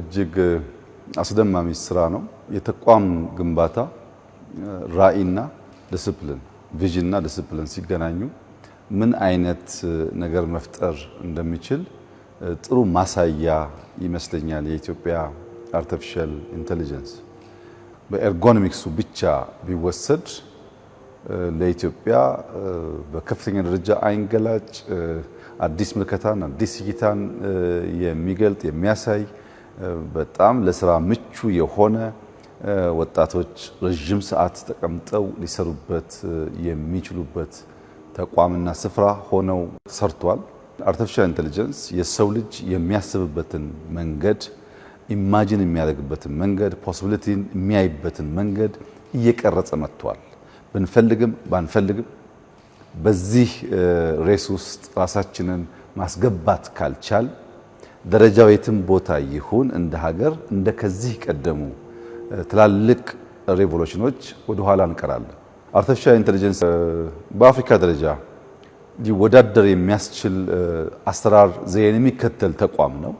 እጅግ አስደማሚ ስራ ነው። የተቋም ግንባታ ራዕይና ዲስፕሊን፣ ቪዥንና ዲስፕሊን ሲገናኙ ምን አይነት ነገር መፍጠር እንደሚችል ጥሩ ማሳያ ይመስለኛል። የኢትዮጵያ አርቲፊሻል ኢንቴሊጀንስ በኤርጎኖሚክሱ ብቻ ቢወሰድ ለኢትዮጵያ በከፍተኛ ደረጃ አይንገላጭ አዲስ ምልከታን አዲስ እይታን የሚገልጥ የሚያሳይ በጣም ለስራ ምቹ የሆነ ወጣቶች ረዥም ሰዓት ተቀምጠው ሊሰሩበት የሚችሉበት ተቋምና ስፍራ ሆነው ተሰርቷል። አርቲፊሻል ኢንቴሊጀንስ የሰው ልጅ የሚያስብበትን መንገድ ኢማጂን የሚያደርግበትን መንገድ ፖሲቢሊቲን የሚያይበትን መንገድ እየቀረጸ መጥቷል። ብንፈልግም ባንፈልግም በዚህ ሬስ ውስጥ ራሳችንን ማስገባት ካልቻል ደረጃው የትም ቦታ ይሁን እንደ ሀገር እንደ ከዚህ ቀደሙ ትላልቅ ሬቮሉሽኖች ወደ ኋላ እንቀራለን። አርቲፊሻል ኢንቴሊጀንስ በአፍሪካ ደረጃ ሊወዳደር የሚያስችል አሰራር ዘዬን የሚከተል ተቋም ነው።